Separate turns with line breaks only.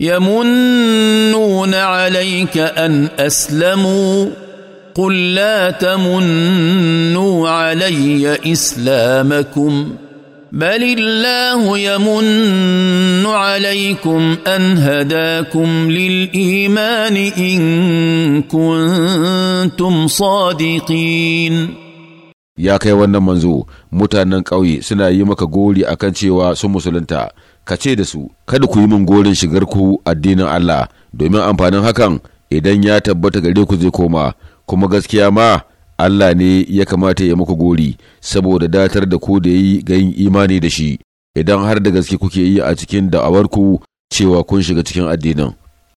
يمنون عليك ان اسلموا قل لا تمنوا علي اسلامكم بل الله يمن عليكم ان هداكم للايمان ان كنتم صادقين
ya kai wannan manzo mutanen ƙauye suna yi maka gori akan cewa sun musulunta ka ce da su kada ku yi min gorin shigar ku addinin Allah domin amfanin hakan idan ya tabbata gare ku zai koma kuma gaskiya ma Allah ne ya kamata ya muku gori saboda datar da ku da yi ga imani da shi idan har da gaske kuke yi a cikin da'awarku
cewa kun shiga cikin addinin